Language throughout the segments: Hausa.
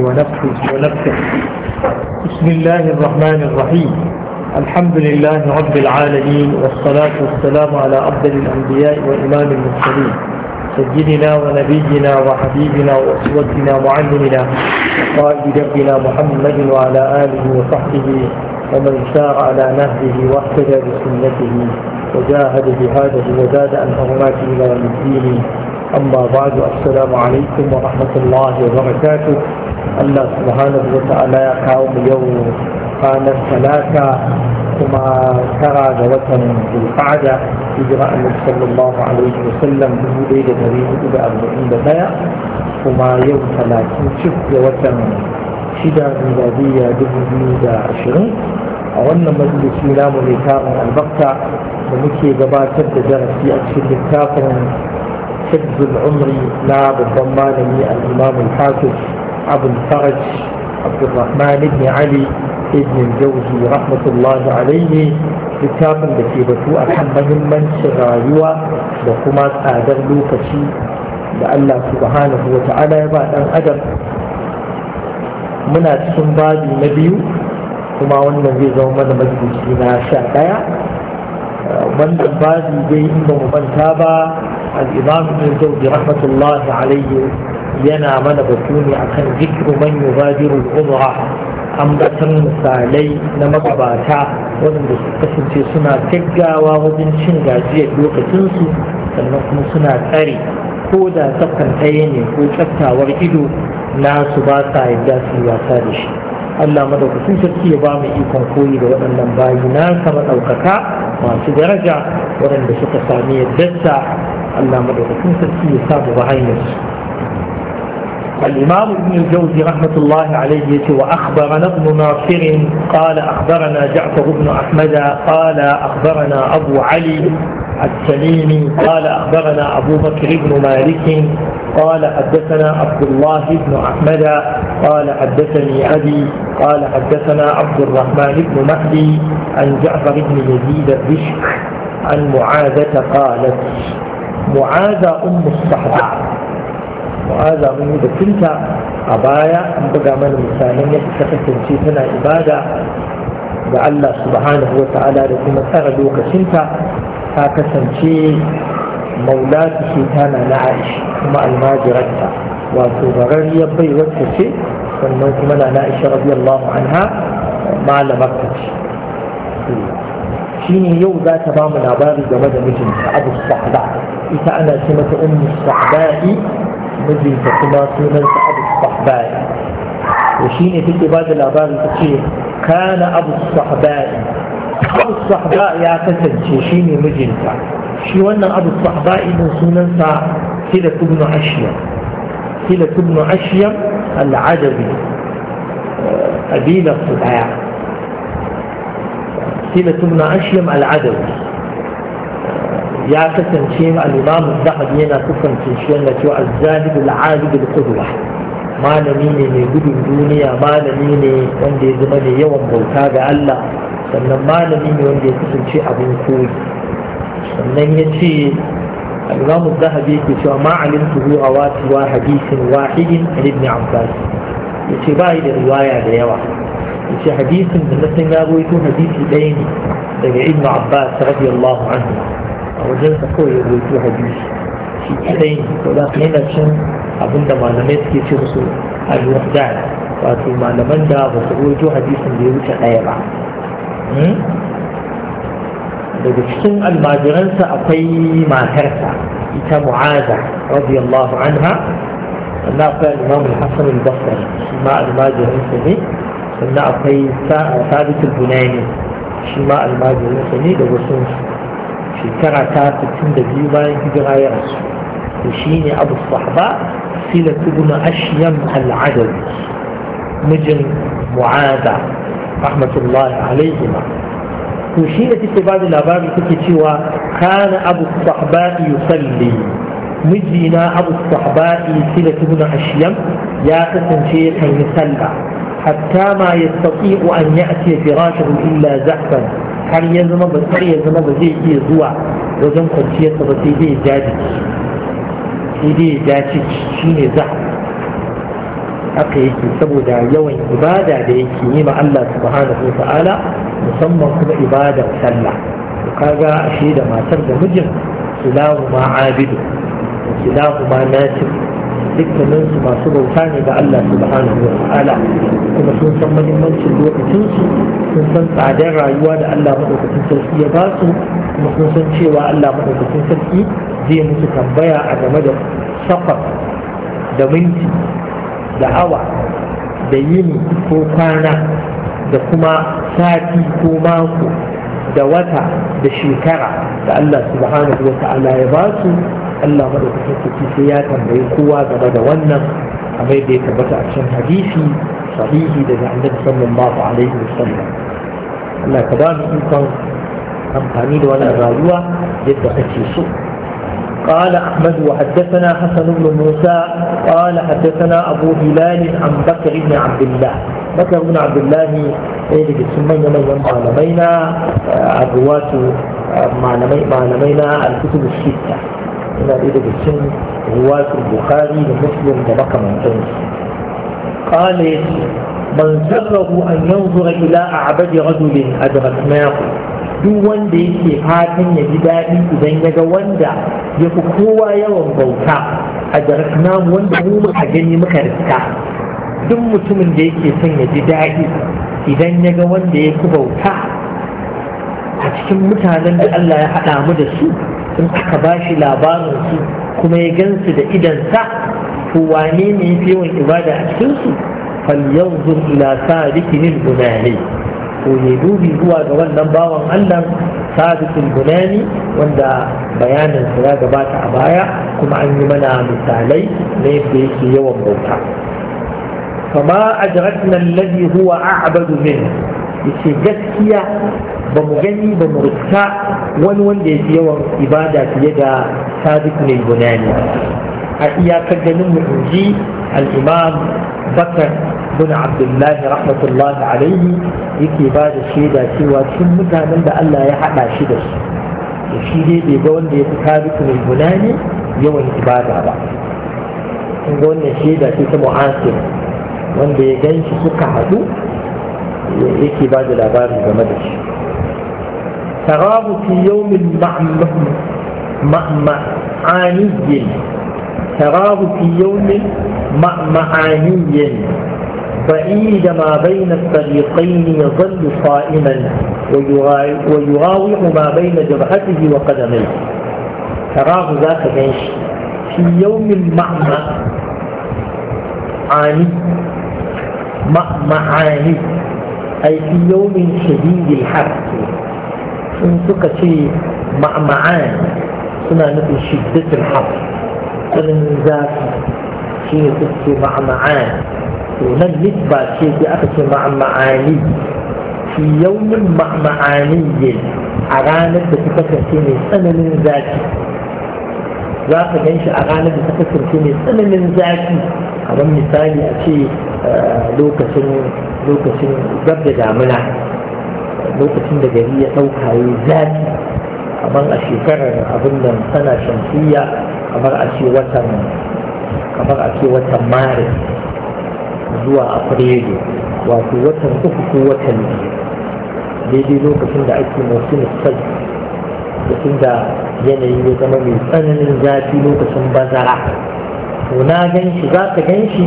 ونفسه ونفسه بسم الله الرحمن الرحيم الحمد لله رب العالمين والصلاة والسلام على أفضل الأنبياء وإمام المرسلين سيدنا ونبينا وحبيبنا وأسوتنا معلمنا وقائد دربنا محمد وعلى آله وصحبه ومن سار على نهجه واهتدى بسنته وجاهد جهاده وزاد أن حرماته إلى يوم الدين أما بعد السلام عليكم ورحمة الله وبركاته Allah subhanahu wa ta'ala ya kawo mu yau ranar talata kuma tara ga watan zulqa'ada hijira annabi sallallahu alaihi wa sallam dubu ɗaya da ɗari hudu da arba'in da ɗaya kuma yau talatin cif ga watan shida miladiyya dubu biyu da ashirin a wannan majalisi namu mai tarin albarka da muke gabatar da darasi a cikin littafin na babban malami بالضمان الإمام الحافظ أبو الفرج عبد الرحمن بن علي ابن الجوزي رحمة littafin da ke batu a kan mahimmancin rayuwa da kuma tsadar lokaci da Allah subhanahu wa ta'ala ya ba ɗan adam muna cikin babi na biyu kuma wannan zai zama mana majalisi na sha ɗaya wannan babi dai inda mu manta ba al-imam ibn jawzi rahmatullahi yana mana batuni akan zikru man yubadiru umra ambatan misalai na magabata waɗanda su kasance suna gaggawa wajen cin gajiyar lokacinsu sannan kuma suna tsare ko da tsaftan ɗaya ne ko tsaftawar ido nasu ba sa yadda su wasa da shi Allah madaukakin sarki ya ba mu ikon koyi da waɗannan bayi na sama ɗaukaka masu daraja waɗanda suka sami yaddarsa Allah madaukakin sarki ya samu bayan su الإمام ابن الجوزي رحمة الله عليه وأخبرنا ابن ناصر قال أخبرنا جعفر بن أحمد قال أخبرنا أبو علي السليمي قال أخبرنا أبو بكر بن مالك قال حدثنا عبد الله بن أحمد قال حدثني أبي قال حدثنا عبد الرحمن بن مهدي عن جعفر بن يزيد الرشق عن معاذة قالت معاذة أم الصحابة mu'aza mun yi batunta a baya an buga mana misalan yadda ta kasance tana ibada ga Allah subhanahu wa ta'ala da kuma tsara lokacinta ta kasance maulatu ce tana na aishi kuma almajiranta wato bararriyar bai wacce ce sannan kuma na na Aisha radiyallahu anha malamar ta ce shine yau za ta bamu labari game da mijinta abu ita ana ce mata ummu sa'ada'i مجي فكما سنن أبو الصحباء وشين في بعض الأبار تشي كان أبو الصحباء أبو الصحباء يا كسن شيني مجي شي وانا أبو الصحباء من سنن سلة بن عشيم سلة بن عشيم العجبي قبيلة الصدعاء سلة بن عشيم العجبي ya kasance al'imamu zahabi yana kusance shi yana cewa azzahid al'azib da qudwa malami ne mai gudun duniya malami ne wanda ya zama mai yawan bauta ga Allah sannan malami ne wanda ya kasance abin koyi sannan ya ce الإمام الذهبي يقول ما علمته رواه ya واحد عن da عباس يتبع إلى رواية ليوا يتبع حديث من مثل ما رويته حديث دين ابن عباس رضي الله anhu. a wajen sa kawai ya roƙi hadisi shi kadai to da ka yana cin abinda malamai suke ce musu al-wahdan wato malaman da ba su roƙi hadisin da ya wuce ɗaya ba daga cikin almajiransa akwai matarsa ita mu'aza radiyallahu anha sannan akwai imam al-hasan al-basri shi ma almajiransa ne sannan akwai sabit al-bunani shi ma almajiransa ne da wasu شكرا تاتي تند بيباي هجرايا وشيني أبو الصحباء سيلة تبنى أشيم العدد مجن معادة رحمة الله عليهما وشيني تتباد الأباب تكتي كان أبو الصحباء يصلي مجينا أبو الصحباء سيلة تبنى أشيم يا شيخ المسلى حتى ما يستطيع أن يأتي فراشه إلا زحفاً har ya zama ba har ya zama ba zai iya zuwa wajen kwanciyarsa ba sai dai ya ja sai dai ya ciki shine za haka yake saboda yawan ibada da yake yi ma Allah subhanahu wa ta'ala musamman kuma ibadar sallah kaga ashe da matar da mijin kilahu ma abidu kilahu ma Nasiru. dukkanin su masu bauta ne ga Allah subhanahu wa ta'ala kuma sun san muhimmancin lokacin su sun san tsadar rayuwa da Allah madaukakin sarki ya ba su kuma sun san cewa Allah madaukakin sarki zai musu tambaya a game da safar da minti da awa da yini ko kwana da kuma sati ko mako da wata da shekara da Allah subhanahu wa ta'ala ya ba su Allah madaukakin sai ya tambayi kowa game da wannan amai da ya tabbata a cikin hadisi sahihi daga annabi sallallahu alaihi wasallam Allah ka ba mu ikon amfani da wannan rayuwa yadda kake so قال أحمد وحدثنا حسن بن موسى قال حدثنا أبو هلال عن بكر بن عبد الله بكر بن عبد الله إيه بسمين من معلمينا الرواة معلمينا الكتب الستة yana ɗaya daga cikin ruwatul bukhari da muslim da makamantansu قال من سره أن a إلى أعبد a أدركناه duk wanda yake fatan ya ji daɗi idan ya ga wanda ya fi kowa yawan bauta a jarakna wanda mu muka gani muka riska duk mutumin da yake son ya ji daɗi idan ya ga wanda ya fi bauta a cikin mutanen da Allah ya haɗa mu da su in aka ba shi labarin su kuma ya gansu da idansa to wane ne yafi yawan ibada a cikin su falyanzur ila sadiqil bunani Ko ne dubi zuwa ga wannan bawan Allah sadiqil bunani wanda bayanin sa ya gabata a baya kuma an yi mana misalai na yadda yake yawan bauta فما أدركنا الذي هو أعبد منه yace gaskiya ba mu gani ba mu wani wanda ya fi yawan ibada fiye da sadiq mai gunani a iyakar ganin mu inji al-imam bakar bin abdullahi rahmatullahi alaihi yake ba da shaida cewa tun mutanen da Allah ya haɗa shi da su da shi dai bai ga wanda ya fi sadiq mai gunani yawan ibada ba kun ga wannan shaida ce ta mu'asir wanda ya gan shi suka haɗu yake ba da labari game da shi tarahu fi yawmin ma'aniyin tarahu fi yawmin ma'aniyin بعيد ما بين الطريقين يظل صائما ويراوح ما بين جبهته وقدميه تراه ذاك ايش؟ في يوم عاني معمع عاني ai fi yawmin har sun suka ce ma'ama'an suna nufin shiddatul har tsarin zafi shi ne suka ce ma'ama'an to nan nisba ce sai aka ce ma'ama'ani fi yawmin ma'ama'aniyyin a ranar da ta kasance mai tsananin zafi za ka gan shi a ranar da ta kasance mai tsananin zafi kamar misali a ce eh, lokacin lokacin gab da damuna lokacin da gari ya ɗauka yi zafi kamar a shekarar abin da sana shamsiyya kamar a ce watan kamar a ce watan maris zuwa afrilu wato watan uku ko watan biyu daidai lokacin da ake motsin sai lokacin da yanayi ya zama mai tsananin zafi lokacin bazara to na gan shi za ka gan shi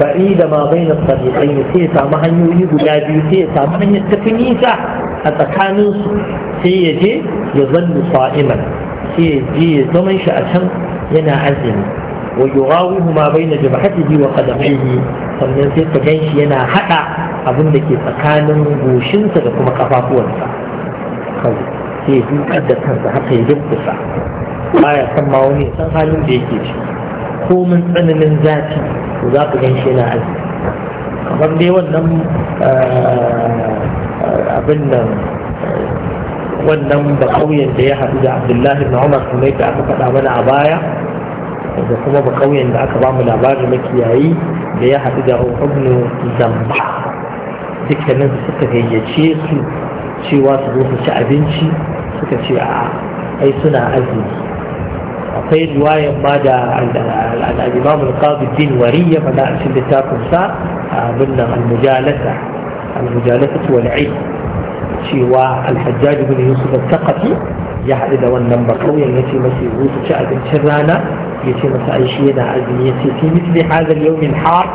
بعيد ما بين الطريقين سي سامو هنيوي غدا بيو سي سامو هنيا تفي نيسا اتسكانين سو سي يجي shi a can yana زمن شي اشن ينا عزمي ويراوه ما بين جبهته وقدميه sannan sai ta gan shi yana haɗa abin da ke tsakanin goshinsa da kuma kafafuwansa kawai sai ya dukar da kansa haka ya dukkusa baya san ma wani san halin da yake ciki komin tsananin zafi to za ka gan shi kamar dai wannan eh, abin nan eh, wannan kauyen da ya haɗu da abdullahi na umar kuma yadda aka faɗa mana a baya da kuma ba kauyen da aka ba mu labarin makiyayi da ya haɗu da ibnu zamba dukkanin suka gayyace su cewa su zo su ci abinci suka ce a ai suna azumi أقيد واي مدى الإمام القاضي الدين ورية مدى أسل التاكم سا من المجالسة المجالسة والعيد شي الحجاج بن يوسف الثقفي يحدد إذا ونم بقوي التي يعني مسي شعب شاد شرانا يتي مسأي شينا أزميتي في مثل هذا اليوم الحار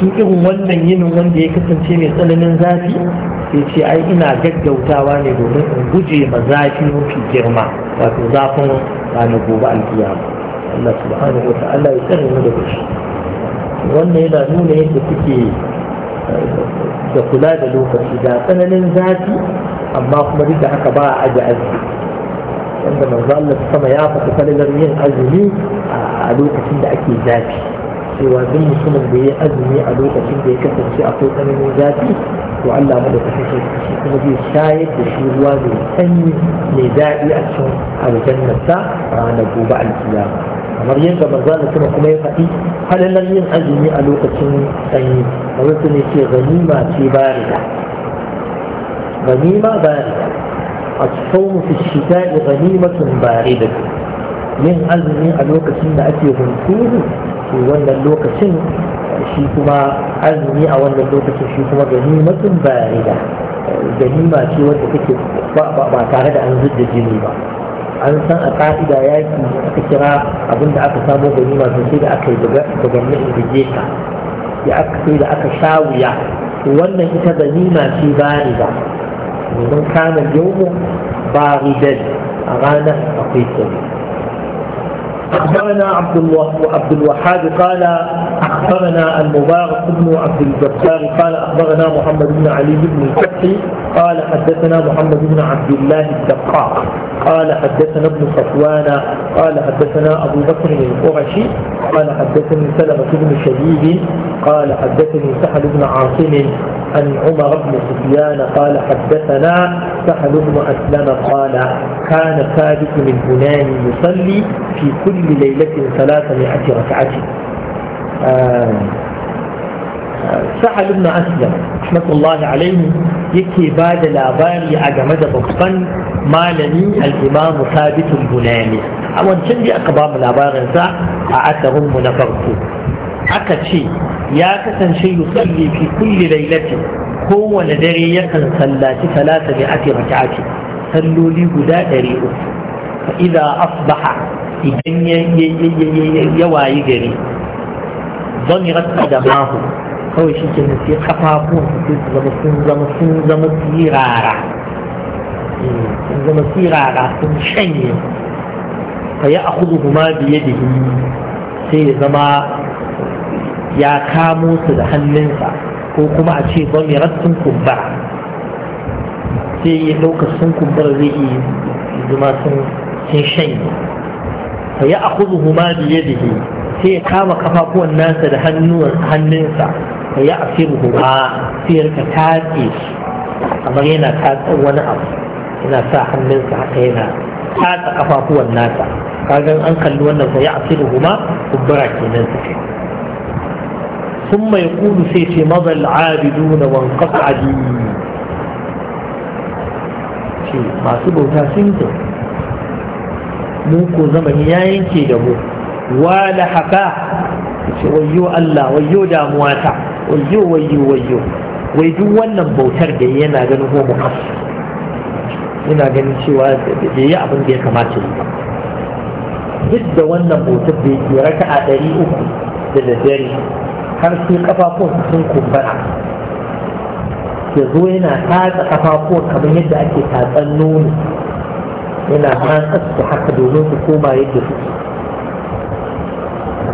شيء هو من ينون ديك تنتمي سلنا ذاتي sai ce ai ina gaggautawa ne domin in guje ma zafi mafi girma wato zafin ranar gobe alkiyama Allah subhanahu wa ta'ala ya tsare mu daga shi wannan yana nuna yadda suke eh, da kula da lokaci da tsananin zafi amma kuma duk da haka ba a aji azumi wanda manzo Allah sama ya faɗi falalar yin azumi a lokacin da ake zafi cewa duk mutumin da ya azumi a lokacin da ya kasance akwai tsananin zafi to Allah mu da kashe shi kuma zai shayar da shi ruwa mai sanyi mai daɗi a cikin aljannarsa ranar gobe alkiyama kamar yadda za da kuma kuma ya faɗi halalar yin azumi a lokacin sanyi a wasu ne ce ganima ce barida ganima barida a cikin fi shita da ganimatun barida yin azumi a lokacin da ake hunturu to wannan lokacin shi kuma azumi a wannan lokacin shi kuma gani ganimatun barida ganima ce wadda take ba tare da an zudda jini ba an san a ka'ida yaki aka kira abinda aka samo gani masu sosai da aka yi daga nan da ya aka sai da aka sha wuya wannan ita ganima ce barida domin kanar yau baridan a ranar akwai tsari أخبرنا عبد الله عبد الوهاب قال أخبرنا المبارك بن عبد الجبار قال أخبرنا محمد بن علي بن الفتحي قال حدثنا محمد بن عبد الله الدقاق قال حدثنا ابن صفوان قال حدثنا أبو بكر القرشي قال حدثني سلمة بن شبيب قال حدثني سحل بن عاصم عن عمر بن سفيان قال حدثنا سحل بن أسلم قال كان ثابت من هنان يصلي في كل ليلة ثلاثمائة ركعة sa'ad ibn aslam rahmatullahi alaihi yake ba da labari a game da babban malami al-imam thabit al-bunani a wancan da aka ba mu labarin sa a asarin mu na farko aka ce ya kasance yusalli fi kulli lailati kowane dare yakan sallaci talata bi ati salloli guda ɗari uku fa idza idan ya wayi gari ضمرت قدماه kawai shi ke sai kafafun su zama sun zama sirara sun sirara eh, sun shanye fa ya akhudhu huma bi yadihi sai ya zama ya kamo su da hannunsa ko kuma a ce zamirat sun kumbara sai ya sun kumbara zai yi zama sun sai ya kama kafafuwan nasa da hannunsa ya yi asiru ba sai ya rika tatse shi kamar yana tatsan wani abu yana sa hannunsa haka yana tatsa kafafuwan nasa kagan an kalli wannan sai ya asiru huma kubbura kenan su kai ثم يقول سيتي مضى العابدون وانقطع ديني masu bauta sun yi mu ko zamani ya yanke da mu wa la haka ce wayyo Allah wayyo damuwa ta wayyo wayyo wayyo wai duk wannan bautar da yana ganin ko mukassir yana ganin cewa da yi abin da ya kamata yi ba duk da wannan bautar da yake a ɗari uku da daddare har sai kafafun sun kumbura ya zo yana tatsa kafafuwan kamar yadda ake tatsan nono yana tatsa su haka domin su koma yadda suke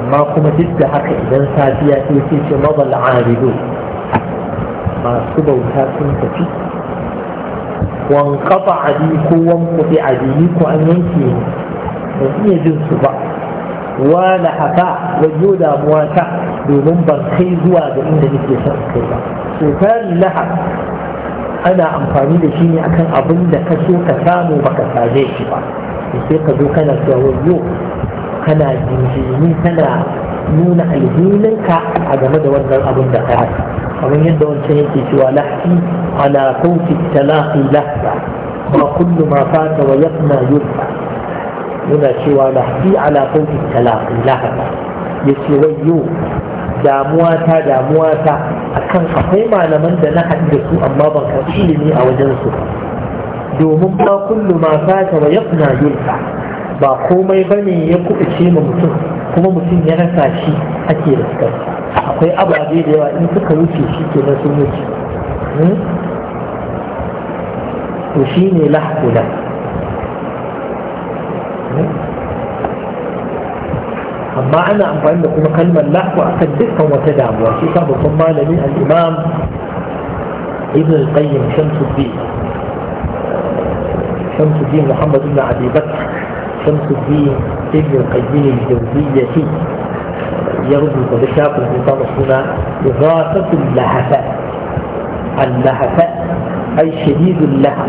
amma kuma duk da haka idan safiya ce ce ce mabal arido masu bauta sun tafi wan kafa adi ko wan kuɗi adi ko an yanke ba iya jin su ba wa da haka wajo damuwa ta domin ban kai zuwa ga inda nake son kai ba to tari laha ana amfani da shi ne akan abin da ka so ka samu baka same shi ba sai ka zo kana cewa wayo kana jinjini kana nuna alhininka a game da wannan abin da kai kamar yadda wancan yake cewa lahfi ala kauti talaqi lahfa ma kullu ma fata wa yafna yurfa yana cewa lahfi ala kauti talaqi lahfa yace wayyo damuwa ta damuwa ta akan akwai malaman da na haɗu da su amma ban karɓi ilimi a wajen su domin ma kullu ma fata wa yafna yurfa ba komai ba ne ya kuɓuce ma mutum kuma mutum ya rasa shi ake da riskar akwai ababe da yawa in suka wuce shi ke na sun wuce hmm? to shi ne lahkula hmm? amma ana amfani da kuma kalmar lahku a kan dukkan wata damuwa shi sa babban malami al'imam ibn al-qayyim shamsuddin shamsuddin muhammad ibn abi شمس الدين ابن القيم الجوزية يربط بشاق النظام هنا إغاثة اللهفة اللهفة أي شديد اللهف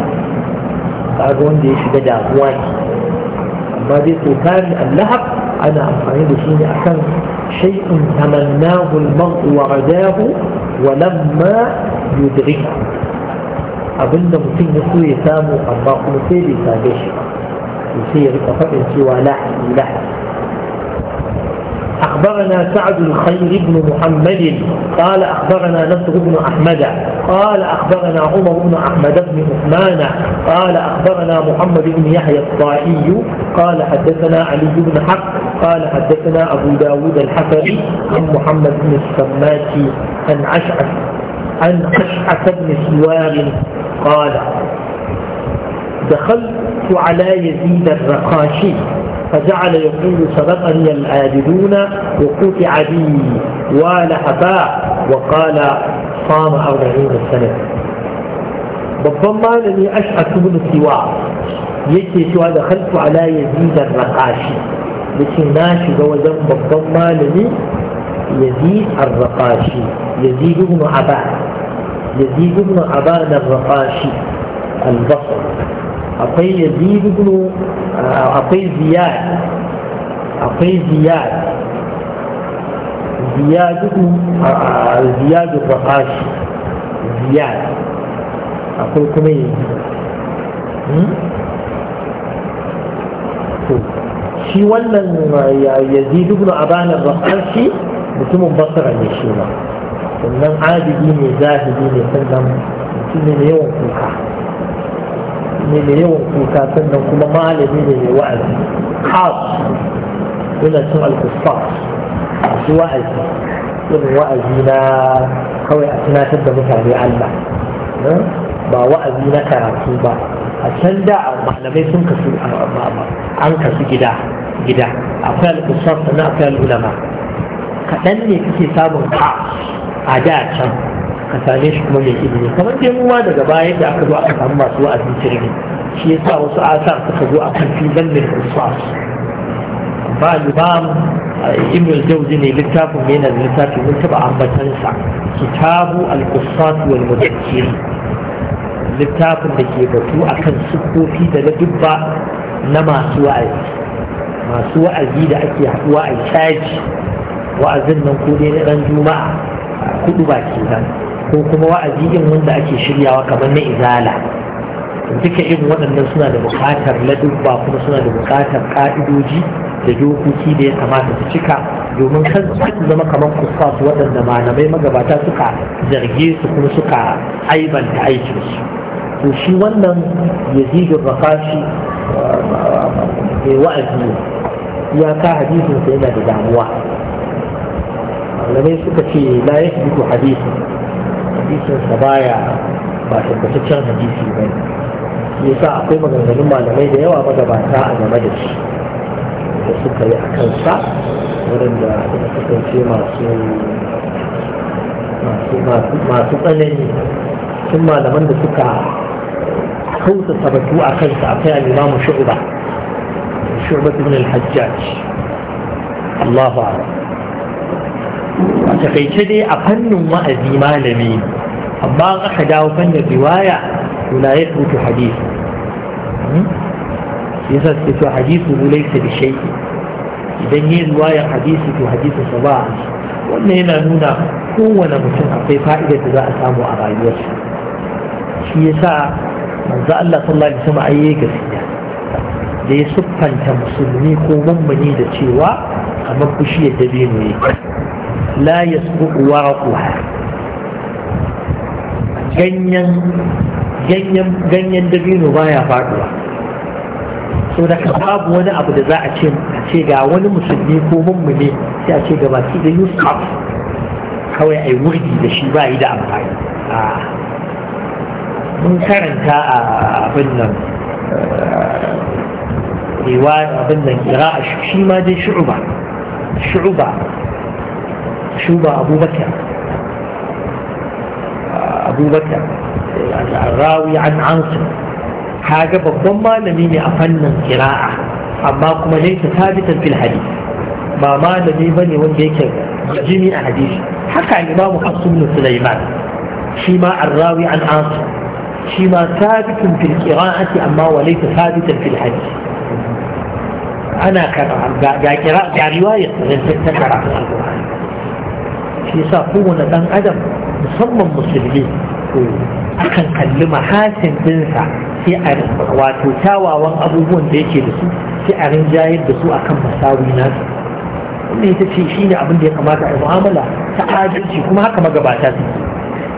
أقول إيش بدأ أبواني أما دي كان اللهف أنا أمفعني بشيني أكن شيء تمناه المرء ورداه ولما يدركه أبنى مسلم نسوي سامو الله مسلم يسابشه في ya سوى لحم لحم أخبرنا سعد الخير بن محمد قال أخبرنا نصر بن أحمد قال أخبرنا عمر بن أحمد بن عثمان قال أخبرنا محمد بن يحيى الطائي قال حدثنا علي بن حق قال حدثنا أبو داود الحفري عن محمد بن السماك عن أشعث عن أشعث بن سوار قال دخلت على يزيد الرقاشي فجعل يقول سبقني الآددون وقوت عدي ولحفاء وقال صام أربعين سنة بالضمان أني أشعر بن السواء يجي سواء دخلت على يزيد الرقاشي لكن ناشي بوزن بالضمان أني يزيد الرقاشي يزيد ابن عباد يزيد ابن عباد الرقاشي البصر عطية دي بيقولوا عطية زياد عطية زياد زياد زياد الرقاش زياد أقول لكم إيه شي ولا يزيد ابن أبان الرقاشي بسم بصر عن الشيما عادي ديني زاهي ديني سلم بسم يوم في الكحر ne mai yawan kuka sannan kuma malami ne mai wa'azi khas yana cin alkufa masu wa'azi irin wa'azi na kawai a tunatar da mutane Allah hmm? ba wa'azi na karatu ba a can da malamai sun kasu an kasu gida gida akwai alkufa sannan akwai al'ulama kaɗan ne kake samun khas a da can ka same shi kuma mai ilimi kamar dai mu ma daga baya da aka zo aka samu masu wa'azin jirgin shi yasa wasu asa suka zo a kan filan da kusurwa ba limam ibn al-jawzi ne littafin ne na littafin mun taba ambatan sa kitabu al-qissas wal mudakkir littafin da ke batu akan sukofi da ladubba na masu wa'azi masu wa'azi da ake haɗuwa a caji wa'azin nan ko ne na ɗan juma'a kudu ba kenan ko kuma wa'azi din wanda ake shiryawa kamar na izala duka irin waɗannan suna da buƙatar ladubba kuma suna da buƙatar ƙa'idoji da dokoki da ya kamata su cika domin kan su zama kamar kuskas waɗanda malamai magabata suka zarge su kuma suka aibanta aikinsu to shi wannan yazidin rakashi eh, mai wa'azi ya ka hadisinsa yana da damuwa malamai suka ce la yasbiku hadisin hadisin sa baya ba tabbataccen hadisi ba ne sa akwai maganganun malamai da yawa magabata a game da shi da suka yi a kansa waɗanda suka kasance masu tsanani sun malaman da suka kauta sabatu a kansa a al-imamu shu'ba shu'ba ibn al Allahu a'lam a takaice dai a fannin wa'azi malami amma aka dawo fannin riwaya wala ya tutu hadisi hmm? yasa to hadisu ta da shay idan yi riwayar hadisi to hadisu sa ba wannan yana nuna kowane mutum akwai fa'idar da za a samu a rayuwarsa shi yasa manzo Allah sallallahu alaihi wasallam ayi gaskiya da ya siffanta musulmi ko mummuni da cewa kamar bishiyar dabe yake لا يسبق ورقها ganyen ganyen ganyen dabino baya faduwa so da babu wani abu da za a ce a ce ga wani musulmi ko mummune sai a ce ga baki da yusuf kawai ai wurdi da shi ba yi da amfani mun karanta a abin nan riwaya eh, abin nan kira shi ma dai shu'uba shu'uba شوف أبو بكر أبو بكر الراوي عن عاصم حاجة ما لمين أفنن قراءة أما كما ليس ثابتا في الحديث ما ما لمين وان يكر جميع الحديث حكى الإمام حفص بن سليمان فيما الراوي عن عاصم فيما ثابت في القراءة أما وليس ثابتا في الحديث أنا كرام جا جا رواية من تكرا في القرآن shi yasa kowane ɗan adam musamman musulmi akan kalli mahasin ɗinsa sai a wato kyawawan abubuwan da yake da su sai a rinjayar da su akan masawi nasa wannan ita ce ne abin da ya kamata a mu'amala ta adalci kuma haka magabata su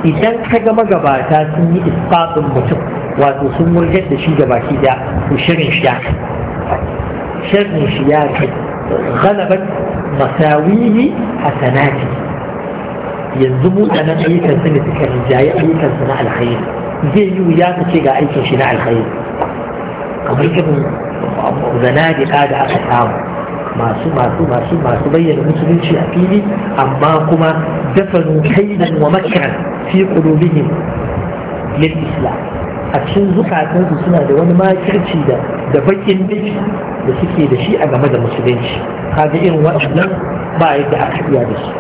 idan ka ga magabata sun yi isfatsin mutum wato sun wurgar da shi gabaki da ku shirin shi ya kai shirin shi ya kai غلبت مساويه حسناته yanzu mutanen ayyukan su ne suka rinjaye ayyukan na alkhairi zai yi wuya ka ce ga aikin shi na alkhairi kamar irin zanadiƙa da aka samu masu masu masu masu bayyana musulunci a fili amma kuma dafanu kaidan wa makran fi qulubihim lil islam a cikin zukatansu suna da wani makirci da da bakin biki da suke da shi a game da musulunci kaga irin waɗannan ba yadda aka iya da su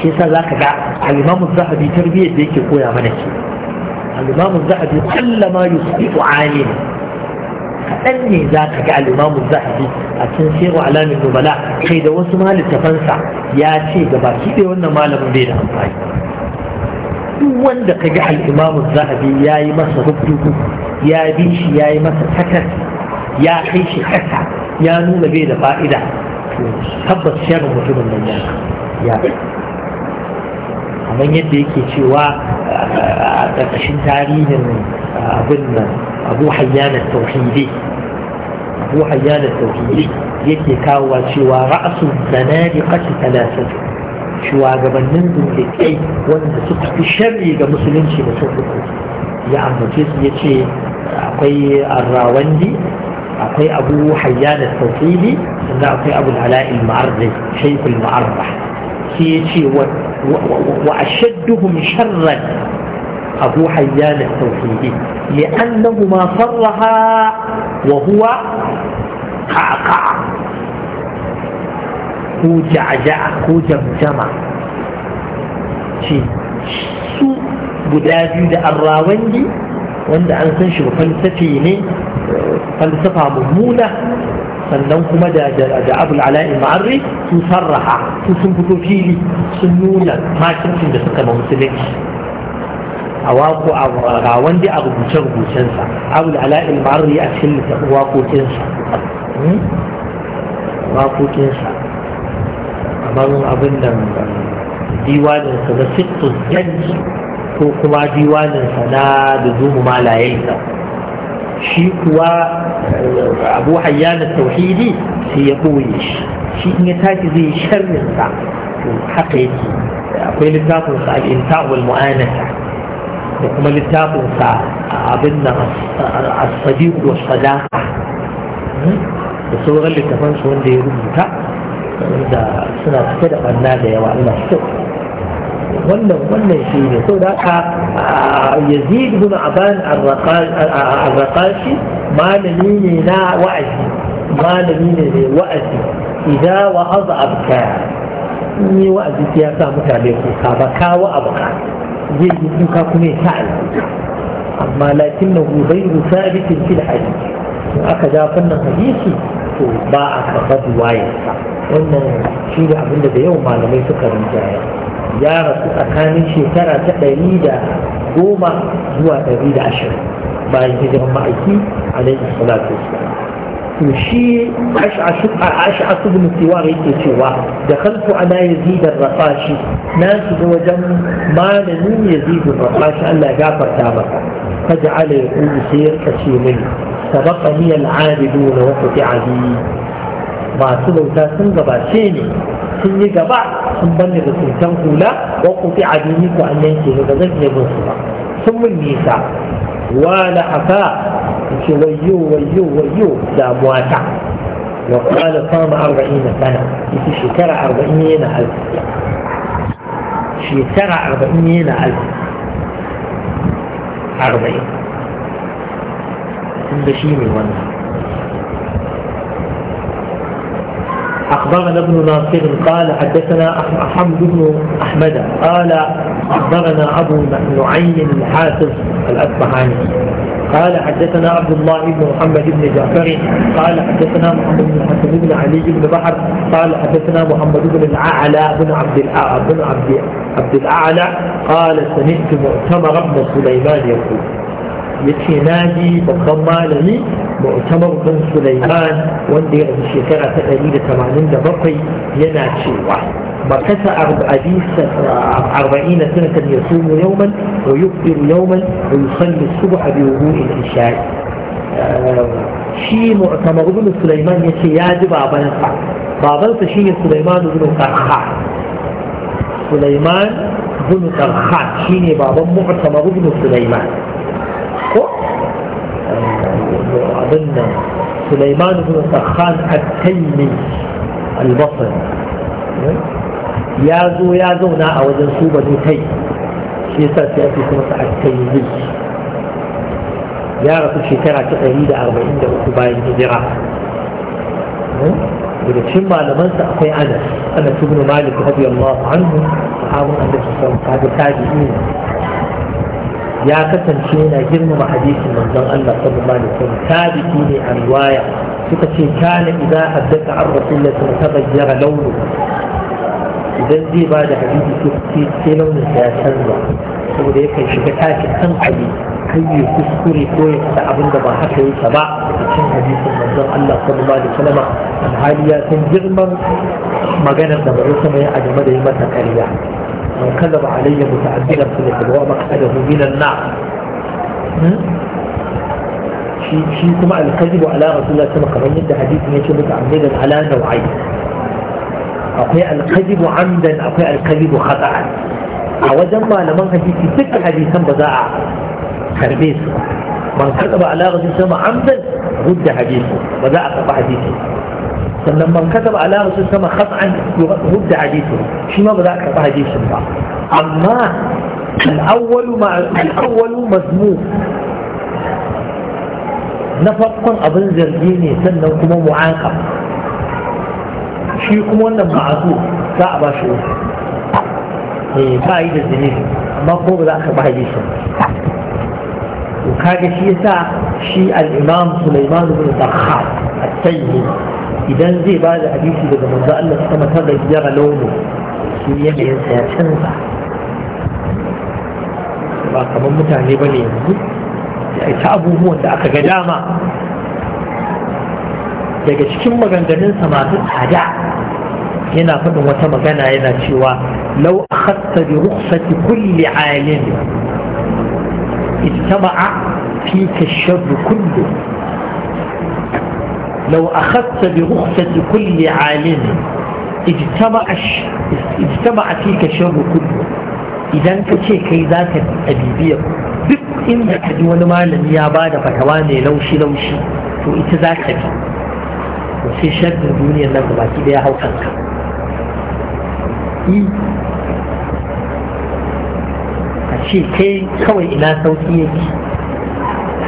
shi yasa ka ga al zahabi tarbiyyar da yake koya mana ke al-Imam zahabi kallama yusbitu ne? kaɗan ne za ka ga alimamu zahabi a cikin siru alamin nubala kai da wasu ma ya ce ga baki ɗaya wannan malamin bai da amfani duk wanda ka ga alimamu zahabi ya yi masa rubutu ya bi shi ya yi masa takas ya kai shi kasa ya nuna bai da fa'ida tabbas shirin mutumin nan ya kamar yadda yake cewa a ƙarƙashin tarihin abin nan abu hayyana tauhidi abu hayyana tauhidi yake kawowa cewa ra'asu zanadiqati talatatu shugabannin zindiƙai wanda suka fi sharri ga musulunci mutum uku ya ambace su ya ce akwai arrawandi akwai abu hayyana tauhidi sannan akwai abu ala'il ma'arri shaikul ma'arra sai ya ce wa ashadduhum sharran abu hayyan tauhidi li'annahu ma sarraha wa huwa qaqa ko ja'ja'a ko jamjama ce su guda biyu da arrawangi wanda an san shi falsafi ne falsafa mummuna sannan kuma da abu ala'i ma'arri su sarraha su sun fito fili sun nuna makircin da suka ma musulunci a wako a wanda a rubuce rubucensa abul ala'i ma'arri a cikin wakokinsa wakokinsa kamar abin da diwaninsa na sittus janji ko kuma diwaninsa na da zumu malayensa shi kuwa abu hayyanar tauhidi sai ya boye shi shi in ya tashi zai sharrinsa to haka yake akwai littafinsa al'inta wal mu'anata da kuma sa abin nan as-sadiq wa sadaqa da sauran littafansa wanda ya rubuta da suna cike da ɓanna da yawa ina kyau wannan wannan shi ne so da ka yazid ibn aban al-raqashi malami ne na wa'azi malami ne ne wa'azi idza wa'aza abka ni wa'azi ya sa mutane kuka ba kawo abuka zai yi kuka kuma ya ta'ala amma lakin na lakinnahu ghayru thabitin fil hadith aka ja fannin hadisi to ba a karɓar ruwayarsa wannan shi ne abinda da yawan malamai suka rinjaya ya rasu tsakanin shekara ta ɗari da goma zuwa ɗari da ashirin bayan hijiran ma'aiki alaihi salatu to shi ash'asu bin siwar yake cewa da kalfu ana yazidar ar-rafashi na shiga wajen malamin yazid rafashi Allah ya gafarta masa faj'ala yaqulu sai ya kace mini sabaqani al-'abidun wa qati'a bi masu bauta sun gabace ne sun yi gaba sun banne da sultan hula wa kufi adini ko an yanke ba zan iya bin su ba sun mun nisa wa la haka ce wayyo wayyo wayyo damuwa ta wa qala sama 40 sana ita shekara 40 yana alfiya shekara yana alfiya tun da shi ne wannan أخبرنا ابن ناصر قال حدثنا حمد بن أحمد قال أخبرنا أبو نعيم الحاسب الأصبهاني قال حدثنا عبد الله بن محمد بن جعفر قال حدثنا محمد بن حسن بن علي بن بحر قال حدثنا محمد بن الاعلى بن عبد الاعلى بن عبد عبد الاعلى قال سمعت مؤتمر بن سليمان يقول yace naji babban malami mu'tamar bin Sulaiman wanda ya shekara ta 187 yana cewa مكث أبي سنة يصوم يوما ويفطر يوما ويصلي الصبح بوضوء العشاء آه، شيء معتمر بن سليمان يشي ياجب أبنسا بابنسا شيء سليمان بن قرخان سليمان بن قرخان شيء بابا معتمر بن سليمان عبدنا سليمان بن سخان التيمي البصر يازو يازو نا أوزن سوبة نتي شيسا سيأتي سمسة التيمي يارة الشتيرة تقريدة أربعين دو كباين هجرة إذا شما لمن سأقي أنس أنس بن مالك رضي الله عنه صحابه أنس بن مالك رضي ya kasance yana girmama hadisin manzon Allah sallallahu alaihi wasallam sabiki ne a riwaya suka ce kana idza haddatha an rasulullah tabayyara launu idan zai ba da hadisi ko sai launin ya canza saboda yakan shiga tashin kan kai ya kuskure ko ya faɗa abin da ba haka yake ba a cikin hadisin manzon Allah sallallahu alaihi wasallam alhali ya san girman maganar da bai sama ya a da yi masa ƙarya من كذب علي في الاحد مقعده من النار شيء شيء كما الكذب على رسول الله صلى الله عليه وسلم كمان حديث يجي متعمدا على نوعين أقوى الكذب عمدا أقوى الكذب خطأ أوجه ما لمن حديثي تك حديثا بزاع كربيس من كذب على رسول الله عمدا رد حديثه بزاع حديثه sannan man kasaba ala rasul sama khat'an yubda hadithu shi ma ba za ka ba hadisin ba amma al-awwal ma al-awwal mazmum na farkon abin zargi ne sannan kuma mu'aqab shi kuma wannan ma'azu za a ba shi eh ba yi da zunubi amma ko ba za ka ba hadisin to kaga shi yasa shi al-imam Sulaiman ibn Dakhar at-Tayyib idan zai ba da hadisi daga manzo Allah sama ta gayyara launu shi yanayin sa ya canza ba kamar mutane ba ne yanzu ya ita abubuwan da aka ga dama daga cikin maganganunsa masu tsada yana faɗin wata magana yana cewa lau akhadta bi rukhsati kulli alim ittama'a fika sharru kullu لو أخذت برخصة kulle عالم اجتمع اجتمع فيك شر كله idan ka ce kai za ka abibiya duk inda ka ji wani malami ya ba da fatawa mai laushi-laushi to ita za ka ji to sai shaddar duniyar nan baki daya hau kanka a ce kai kawai ina sauki yake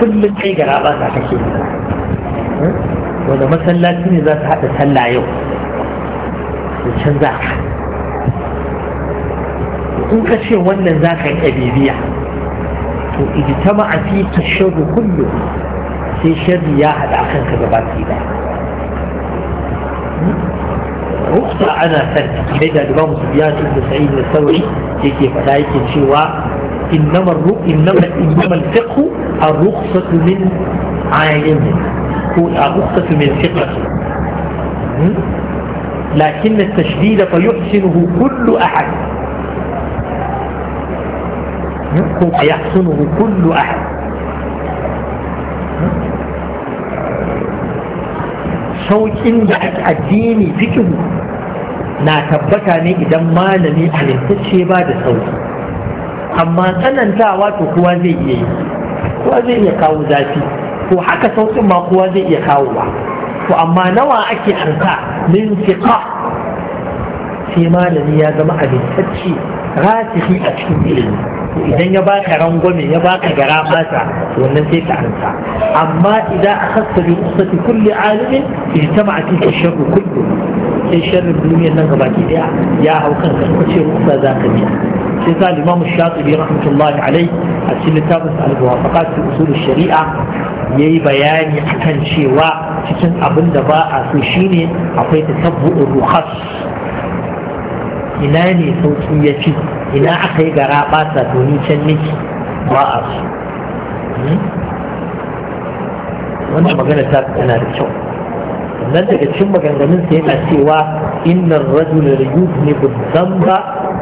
kullum kai gara ba ka kake yi wanda masallaci ne za su haɗa sallah yau da canza in ka ce wannan za ka yi ɗabibiya to ijtama ta ma'afi ka sharru kullu sai sharri ya haɗa akan ka gaba yi ba. rukta ana sarki dai da dubamu su biya su da sa'id da sauri yake faɗa yake cewa innama innama innama al-fiqhu a rukhsatu min ayyinha يكون أغصة من الحقرة لكن التشديد فيحسنه كل أحد يحسنه كل أحد سوك إن جاءت الديني فكه ناتبكني إذا ما لني على التشيبا بعد سوك أما أن أنت عواتك وزيئي إيه؟ وزيئي إيه؟ قاو ذاتي to haka sautin ma kowa zai iya kawo ba to amma nawa ake anka min fiqa sai malami ya zama abintacce rasihi a cikin ilimi idan ya baka rangwame ya baka gara mata wannan sai ka ansa amma idan akhadta bi usati kulli alimin ijtama'a tilka sharru kullu sai sharrin duniyar nan gabaki daya ya hau kanka ka ce rusa za ka biya sai sa limamu shafi rahmatullahi alai a cikin littafin al-muwafaqat fi usul shari'a ya yi bayani akan cewa cikin abin da ba a so shine akwai tasabbu'ur rukhas ina ne sauki ya ci ina aka yi gara ɓata domin can miki ba a so hmm? wannan magana ta tana da kyau sannan daga cikin maganganun sa yana cewa innar rajula la yuznibu dhanba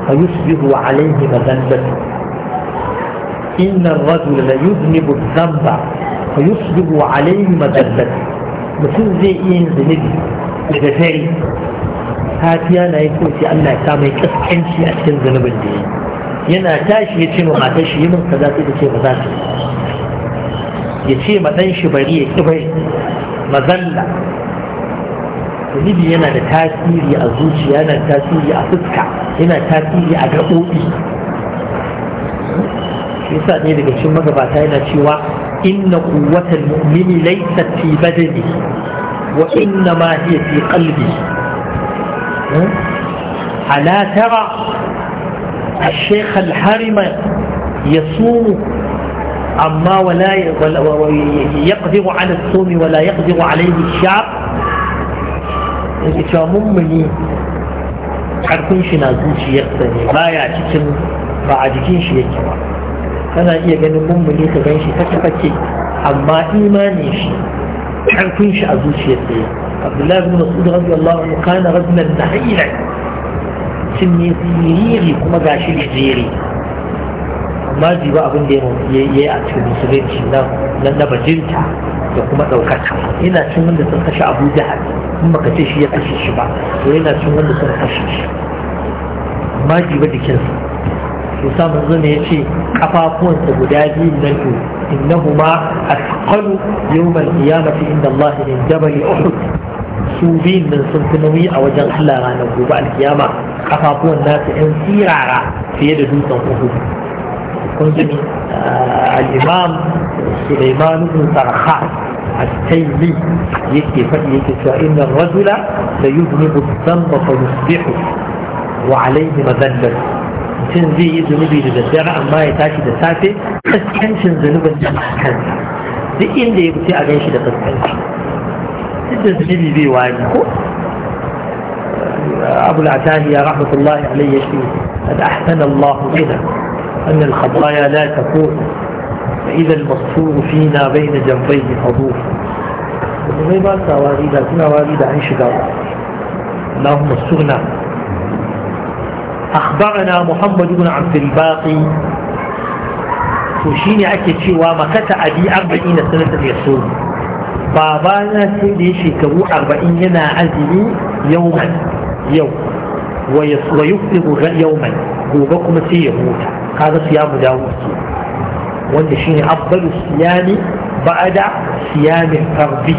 fa yusbihu alayhi madandatu innar rajula la yuznibu dhanba fa yusbihu alayhi madallat mutum zai iya yin zunubi daga dare safiya na yi kowace Allah ya sa mai kaskanci a cikin zunubin da ya yi yana tashi ya ce ma matar shi yi min kaza sai ta ba za ta ya ce ma ɗan shi bari ya ƙi bari mazalla zunubi yana da tasiri a zuciya yana tasiri a fuska yana tasiri a gaɓoɓi yasa ɗaya daga cikin magabata yana cewa إن قوة المؤمن ليست في بدنه وإنما هي في قلبه ألا ترى الشيخ الحرم يصوم أما ولا يقدر على الصوم ولا يقدر عليه الشعب إذا ممني shi na يقتني ما baya cikin ba a kana iya ganin mummuni ka gan shi kake kake amma imani shi karfin shi a zuciyar da ya abdullahi bin mas'ud radiyallahu anhu kana rajulan nahilan sun ne siriri kuma gashi jere amma ji ba abin da ya yi a cikin musulunci nan na bajinta da kuma ɗaukaka yana cin wanda sun kashe abu jahal in baka ce shi ya kashe shi ba to yana cin wanda sun kashe shi amma ji ba jikinsa to sa manzo ne ya ce kafafuwansa guda biyu nan to innahuma asqalu yawm al-qiyamati inda Allah min jabal Uhud su biyun nan sun fi nauyi a wajen Allah ranar gobe alkiyama kafafuwan nasu yan sirara fiye da dutsen Uhud kun ji ah, al-imam Sulaiman ibn Sarha التيمي يكي فأيك فإن الرجل سيذنب الذنب فيصبح وعليه مذنب mutum zai yi zunubi da daddare amma ya tashi da safe kaskancin zunubin da duk inda ya fice a gan shi da duk da zunubi wani ko أبو العتاهية رحمة الله عليه يشفي أن الخطايا لا تكون فإذا المصفور فينا بين جنبيه حضور ومن ما سواريدا كنا واريدا عن شجار اللهم استغنى أخبرنا محمد بن عبد الباقي وشيني أكيد شيء ومكت أبي أربعين سنة يصوم بابانا سيدي شكو أربعين ينا عزمي يوما يوم ويفطر يوما وبكم سيموت هذا صيام داوود وان شيني أفضل الصيام بعد صيام الفرد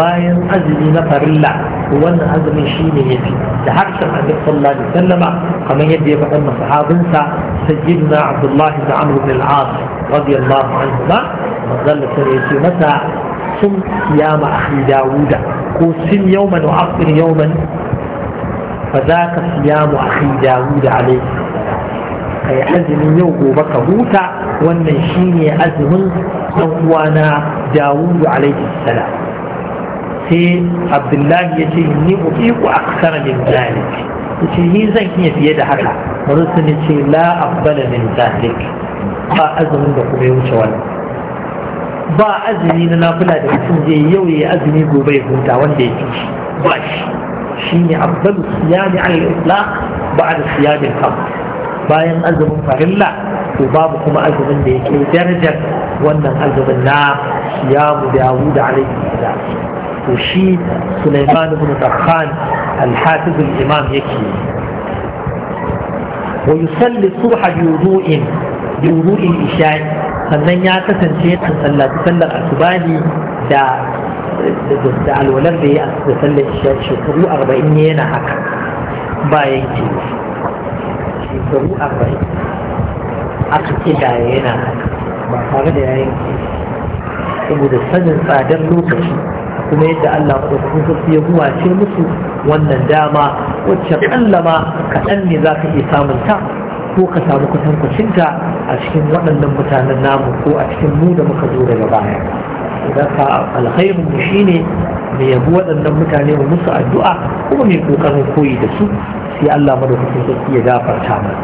bayan azumi na farilla wannan azumin shi ne ya fi da harshen annabi sallallahu alaihi wasallama kamar yadda ya faɗa masahabinsa sayyidina abdullahi da amr bin al-as radiyallahu anhu ma manzon sai ya ce masa sun siyama akhi dawuda ko sun yawman wa afir yawman fa zaka siyamu akhi dawuda alaihi ka yi azumin yau gobe ka huta wannan shi ne azumin ɗan uwana dawudu alaihi salam sai abdullahi ya ce ni uki uku aksara min zalik ya ce ni zan iya fiye da haka wani sun ce la abbala min zalik ba azumin da kuma ya wuce wani, ba azumi na nafila da mutum zai yau ya azumi gobe ya huta wanda ya ci ba shi shi ne abbalu siyami al-islaq ba da siyamin kamar bayan azumin farilla to babu kuma azumin da yake darajar wannan azumin na siyamu dawud alaihi salam الحوشي سليمان بن طخان الحافظ الإمام يكي ويصلي الصبح بوضوء بوضوء العشاء فنن يعتسى الشيخ صلى تصلى الأسباني دا دا الولد دي تصلى العشاء شكروا أربعين ينا حقا باين تيو شكروا أربعين أقتدى ينا حقا ما فرد يعين تيو ibu da sanin tsadar lokaci kuma yadda Allah maɗaukakin sarki ya huwace musu wannan dama wacce kallama kaɗan ne za ka iya samun ta ko ka samu kwatankwacinta a cikin waɗannan mutanen namu ko a cikin mu da muka zo daga baya idan ka alkhairin mu shine mai yabi waɗannan mutane mu musu addu'a kuma mai kokarin koyi da su sai Allah madaukakin sarki ya gafarta mana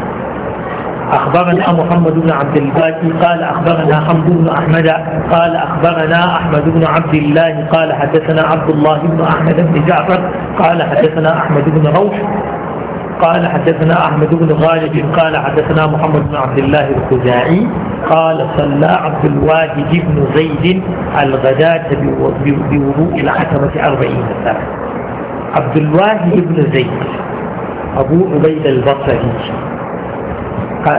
أخبرنا محمد بن عبد الباقي قال أخبرنا حمد بن أحمد قال أخبرنا أحمد بن عبد الله قال حدثنا عبد الله بن أحمد بن جعفر قال حدثنا أحمد بن روح قال حدثنا أحمد بن غالب قال حدثنا محمد بن عبد الله الخزاعي قال صلى عبد الواجد بن زيد الغداة بوضوء حكمه أربعين سنة عبد الواجد بن زيد أبو عبيد البصري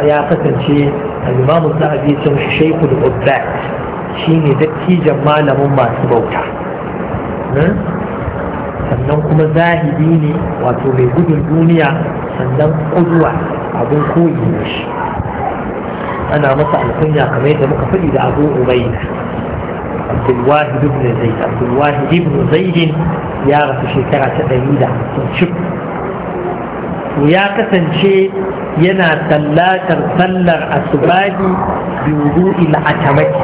ya kasance al-imamu zahabi sun shi shaykhul Shi shine dattijan malamin masu bauta hmm? sannan kuma zahidi ne wato mai gudun duniya sannan kuduwa abin koyi ne shi ana masa alkunya kamar yadda muka faɗi da abu ubaida abdulwahid ibn zaid abdulwahid ibn zaid ya rasu shekara ta ɗari da hamsin to ya kasance yana sallatar sallar asubadi biyu atamaki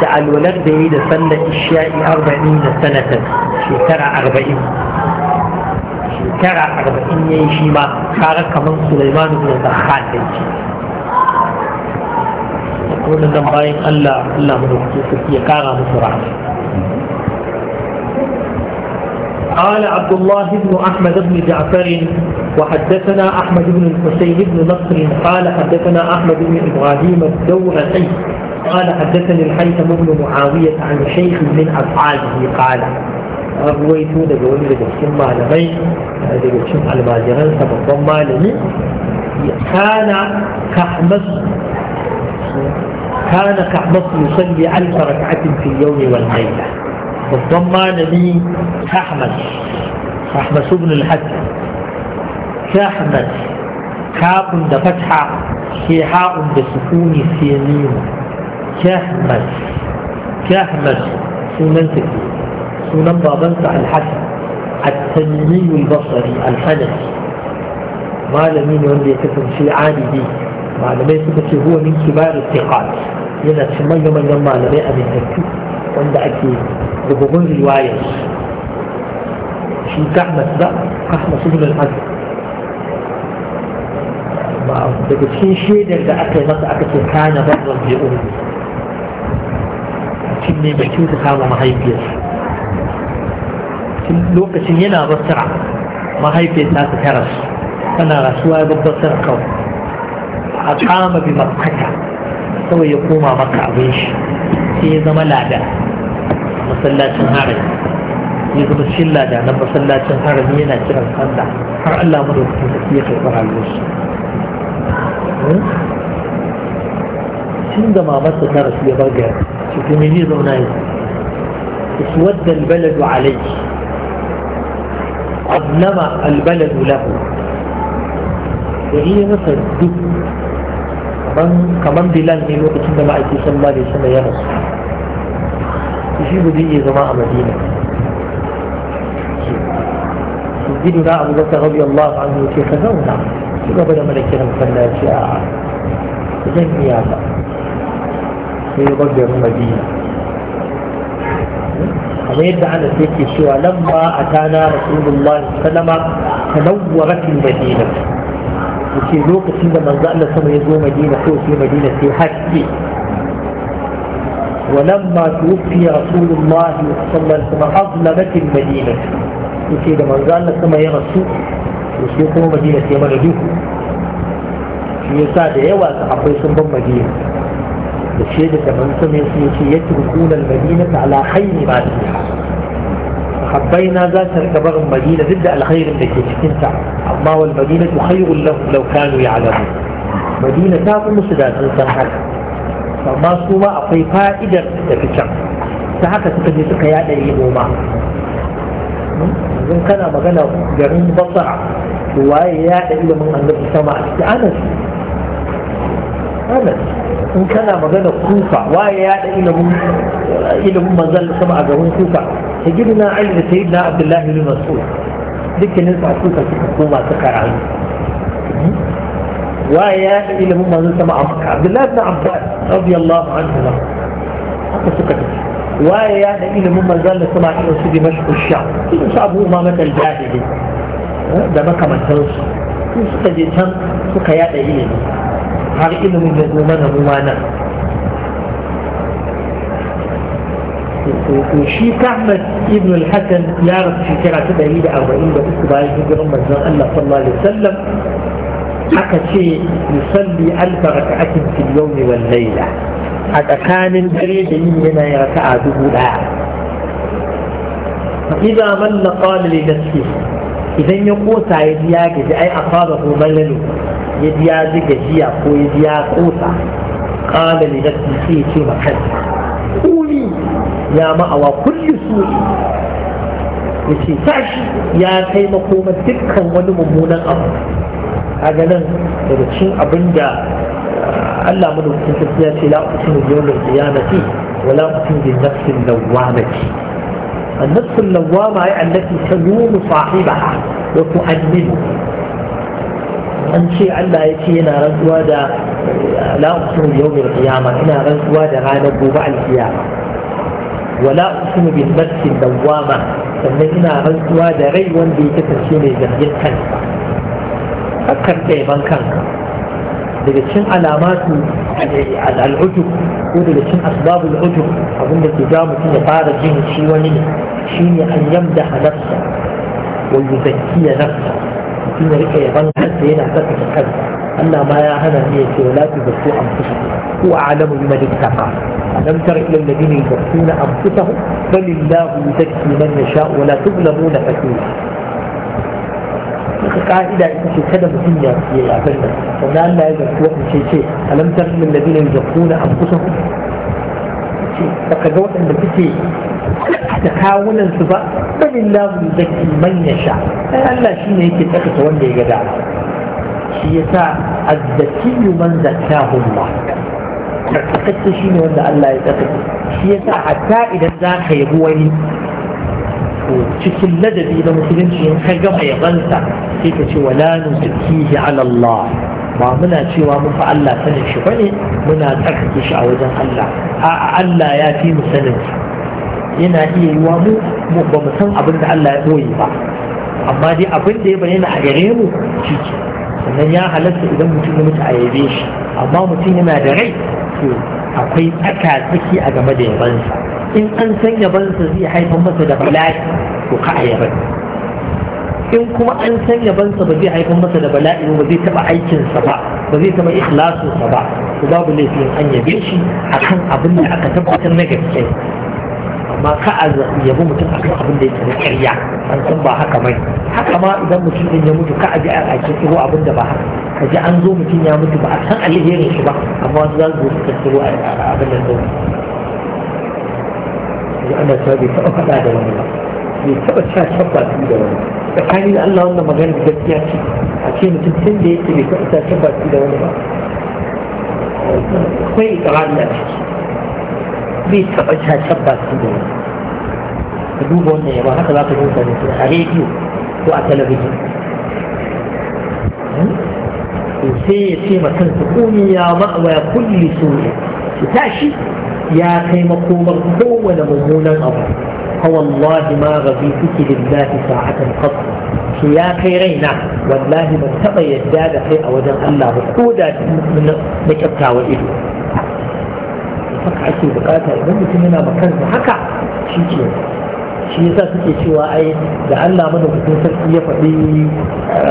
da alwalar da ya yi da sallar isha'i arba'in da sanatar shekara arba'in shekara arba'in ya yi shi ma kara kamar suleiman da zahan da ke zan bayan allah allah mu da kuke ya kara musu rahama قال عبد الله بن أحمد بن جعفر وحدثنا أحمد بن الحسين بن نصر قال حدثنا أحمد بن إبراهيم الدورقي قال حدثني الحيثم بن معاوية عن شيخ من أفعاله قال رويتو دا جوان دا جوشن معلمي دا جوشن على ماجران سبب معلمي كان كحمس كان كحمس يصلي ألف ركعة في اليوم والليلة والضم معنى أحمد أحمد تحمس ابن الحج تحمس كاب في حاء بسكون دا سكون سيمين تحمس تحمس سننتك سننبع بنتع الحسن التنمي البصري الحنس ما لمين يولي كتب في عالي ما لمين كتب هو من كبار الثقات ينا تسمى يوم يوم ما لمين أبي تكتب وانا أكيد بغمون رواية شو تعمل بقى قحمة سجن العزل ما بدك شي شي دل دا أكل مطا أكل سبحانة بطرة بيقول كمي بكيو تخاوة ما هاي بيس لوقت سنينا بسرعة ما هاي بيس ناس كرس أنا رسوا ببسرعة قوم أقام بمطقة سوى يقوم مطقة ويش في زمان لعبه masallacin harami ya zama shilla da nan masallacin harami yana kiran sallah har Allah mu da kuka ya karɓi rayuwarsu tun da mamarsa ta rasu ya bar gari su kuma ne zauna yi اسود البلد عليه أظلم البلد له وهي مثل دب كمان كمان بلال من الوقت عندما أتي صلى الله عليه وسلم يا رسول يجيبوا دي جماعة مدينة يجيبوا دي أبو رضي الله عنه وكي خذونا شو بدا ملك كلام خلا شاعة جن يا با يغدر مدينة وما يدعى أن سيك يسوع لما أتانا رسول الله صلى الله عليه وسلم تنورت المدينة وكي ذوق سيدة من ظل سمع يزوى مدينة فوق في مدينة حكي ولما توفي رسول الله صلى الله عليه وسلم أظلمت المدينة يسي من قال لك ما يرسو يسي كما مدينة يمردو يسا ده يوا صحابي سنبا مدينة الشيء ده من سمع يسي يتركون المدينة على خير ما فيها حبينا ذات الكبر المدينة ضد الخير التي تنفع الله والمدينة خير لهم لو كانوا يعلمون مدينة تاكم مسدات انسان حاجة amma su ma akwai fa'idar da fitan ta haka suka je suka yada yi goma yanzu kana magana garin basara to waye ya yaɗa ilimin annabi sama a cikin anas anas in kana magana kufa waye ya yaɗa ilimin ilimin manzal sama a garin kufa ta gidina ali da sayyid na abdullahi bin mas'ud dukkanin su a kufa suka koma suka rayu hmm? waye ya yaɗa ilimin manzal sama a makka abdullahi bin abbas رضي الله عنه حتى سكت وايا يعني إن مما زال سمع إنه سيدي مشق الشعب إنه هو ما مثل الجاهل ده ما كمان توصى إنه سكت يتهم سكيات إيه هاي إنه من جزمان الموانا وشي كحمد ابن الحسن يعرف في كرة تبهيد بس بعيد جرم الله صلى الله عليه وسلم aka ce yusalli alfa raka'atin fil yawmi wal layla a tsakanin dare da yin yana ya a dubu daya idza malla qala li nafsi idan ya kosa ya ji gaji ai a asaba ko malalu ya ji ya ji gajiya ko ya ji ya kosa qala li nafsi sai ce ma kansa kuli ya ma'awa kulli su'i ce tashi ya taimako ma dukkan wani mummunan abu kaga nan daga cin abin da uh, Allah mu da sarki ya ce la uqsimu bi yawmil qiyamati wa la uqsimu bi nafsin lawwamati النفس اللوامة هي التي تلوم صاحبها وتؤنبه an ce Allah ya ce yana rantsuwa da uh, la uqsimu bi yawmil qiyamah ina rantsuwa da ranar gobe alkiyama wala uqsimu bin nafsin dawwama sannan ina rantsuwa da rai wanda ya kasance mai zargin kansa kakkan ɗaiban kanka daga cin alamatu al'udu ko daga cin asbabul udu abinda ke ja mutum ya fara jin shi wani ne shi ne an yamda nafsa wa yuzakkiya nafsa mutum ya rika yaban kansa yana tsakaka kansa Allah ma ya hana ne ya ce wala tuzakku anfusakum هو أعلم بمن اتقى ألم تر إلى الذين يزكون أنفسهم بل الله يزكي من يشاء ولا تظلمون فتيلا ka ka'ida ita ce kada mutum ya ya abin nan sannan Allah ya zartu waɗance ce alamtar min da dinin zakuna an kusa ce baka ga waɗanda suke da kawunan su ba ɗanin lamun zaki man ya sha ai Allah shi ne yake tsakasa wanda ya gada shi ya sa azzakiyu man zakahun ba tsakatacce shi ne wanda Allah ya tsakata shi ya sa hatta idan za ka yabi wani wato cikin ladabi na musulunci in ka gama yabansa sai ka ce wala nusikihi ala Allah ba muna cewa mu fa Allah sanin shi bane muna tsarkake shi a wajen Allah a'a Allah ya fi mu sanin yana iya yiwa mu ba mu san abin da Allah ya boye ba amma dai abin da ya bayyana a gare mu shi sannan ya halatta idan mutum ya mutu a yabe shi amma mutum yana da rai to akwai tsaka tsaki a game da yabansa in an san yabansa zai haifar masa da bala'i ko ka a yaban in kuma an san yabansa ba zai haifar masa da bala'i ba zai taɓa aikinsa ba ba zai taɓa ikhlasinsa ba to babu laifin an yabe shi akan abin da aka tabbatar na gaske amma ka a yabi mutum akan abin da yake na ƙarya an san ba haka mai haka ma idan mutum din ya mutu ka a ji a kirkiro abin da ba haka ka an zo mutum ya mutu ba a san alherin shi ba amma za su zo su kirkiro abin da zai da ana ta bai taɓa faɗa da wani ba bai taɓa sha shabba su da wani tsakanin Allah wannan magana da gaskiya ce a ce mutum tun da yake bai taɓa sha shabba su da wani ba akwai ikrari a ciki bai taɓa sha shabba su da wani ka duba wannan yaba haka za ka duba da a rediyo ko a talabijin hmm? sai ya ce ma kansa kuni ya ma'awa kulli su ta shi ya kai makomar kowane mummunan abu fawallahi ma rabi suke lillahi sa'atan qat shi ya kai raina wallahi ban taba yadda da kai a wajen Allah ba ko da na kyaftawar ido haka ake bukata idan mutum yana makansa haka shi ke shi yasa suke cewa ai da Allah madaukakin sarki ya faɗi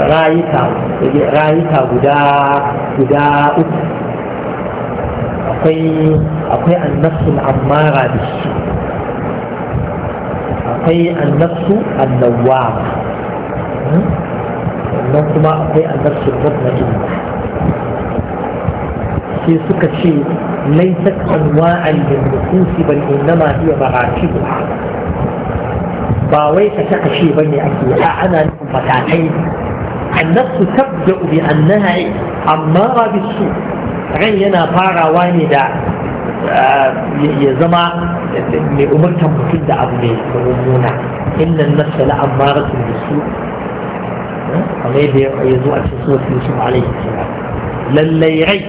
rayuka rayuka guda guda uku akwai akwai annafsul ammara da shi akwai annafsu annawama hmm? sannan kuma akwai annafsul mutmainna sai suka ce laysat anwa'an lil nufusi bal innama iya maratibuha ba wai ka shi ba ne ake a ana nufin matakai annafsu tabda'u bi annaha amma bis su' ran yana farawa ne da ya zama mai umartan mutum da abu mai mummuna innan amma rasul da su kamar yadda ya zo a cikin surat yusuf alaihi salam lallai rai